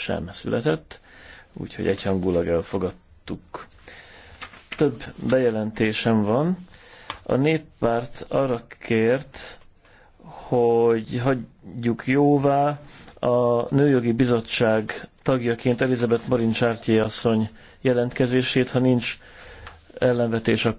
sem született, úgyhogy egyhangulag elfogadtuk. Több bejelentésem van. A néppárt arra kért, hogy hagyjuk jóvá a Nőjogi Bizottság tagjaként Elizabeth Marin Csártyi asszony jelentkezését, ha nincs ellenvetés, akkor